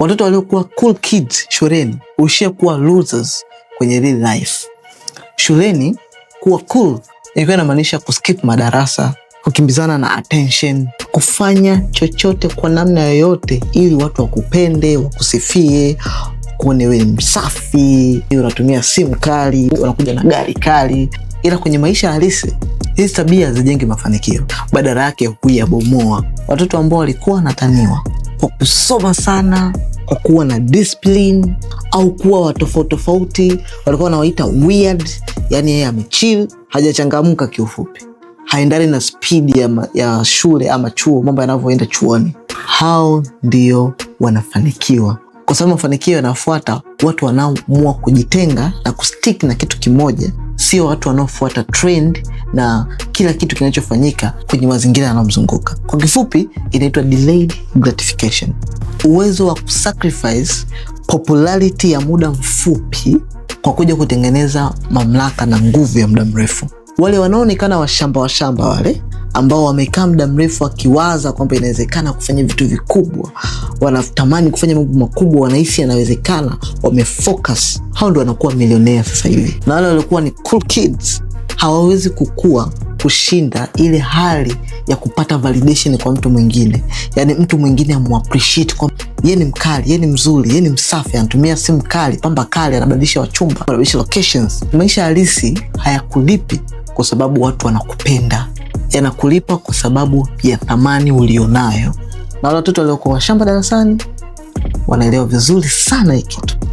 watoto waliokuwa cool kids shuleni huishia kuwa losers kwenye real life. Shuleni kuwa cool ilikuwa inamaanisha kuskip madarasa, kukimbizana na attention, kufanya chochote kwa namna yoyote ili watu wakupende, wakusifie, kuone wewe ni msafi, unatumia simu kali, unakuja na gari kali. Ila kwenye maisha halisi hizi tabia hazijengi mafanikio, badala yake huyabomoa. Watoto ambao walikuwa wanataniwa kwa kusoma sana kwa kuwa na discipline au kuwa watofauti tofauti, walikuwa wanawaita weird, yani yeye amechill, hajachangamka kiufupi, haendani na spidi ya, ya shule ama chuo, mambo yanavyoenda chuoni. Hao ndio wanafanikiwa, kwa sababu mafanikio yanafuata watu wanaoamua kujitenga na kustik na kitu kimoja, sio watu wanaofuata trend na kila kitu kinachofanyika kwenye mazingira yanayomzunguka. Kwa kifupi, inaitwa delayed gratification uwezo wa kusacrifice popularity ya muda mfupi kwa kuja kutengeneza mamlaka na nguvu ya muda mrefu. Wale wanaoonekana washamba washamba wale ambao wamekaa muda mrefu wakiwaza kwamba inawezekana kufanya vitu vikubwa, wanatamani kufanya mambo makubwa, wanahisi yanawezekana, wamefocus, hao ndo wanakuwa milionea sasa hivi, na wale waliokuwa ni cool kids hawawezi kukua kushinda ile hali ya kupata validation kwa mtu mwingine, yani mtu mwingine amuappreciate kwa ye ni mkali, ye ni mzuri, ye ni msafi, anatumia simu kali, pamba kali, anabadilisha wachumba, anabadilisha locations. Maisha halisi hayakulipi kwa sababu watu wanakupenda, yanakulipa kwa sababu ya thamani ulionayo. Na wale watoto waliokuwa washamba darasani wanaelewa vizuri sana hii kitu.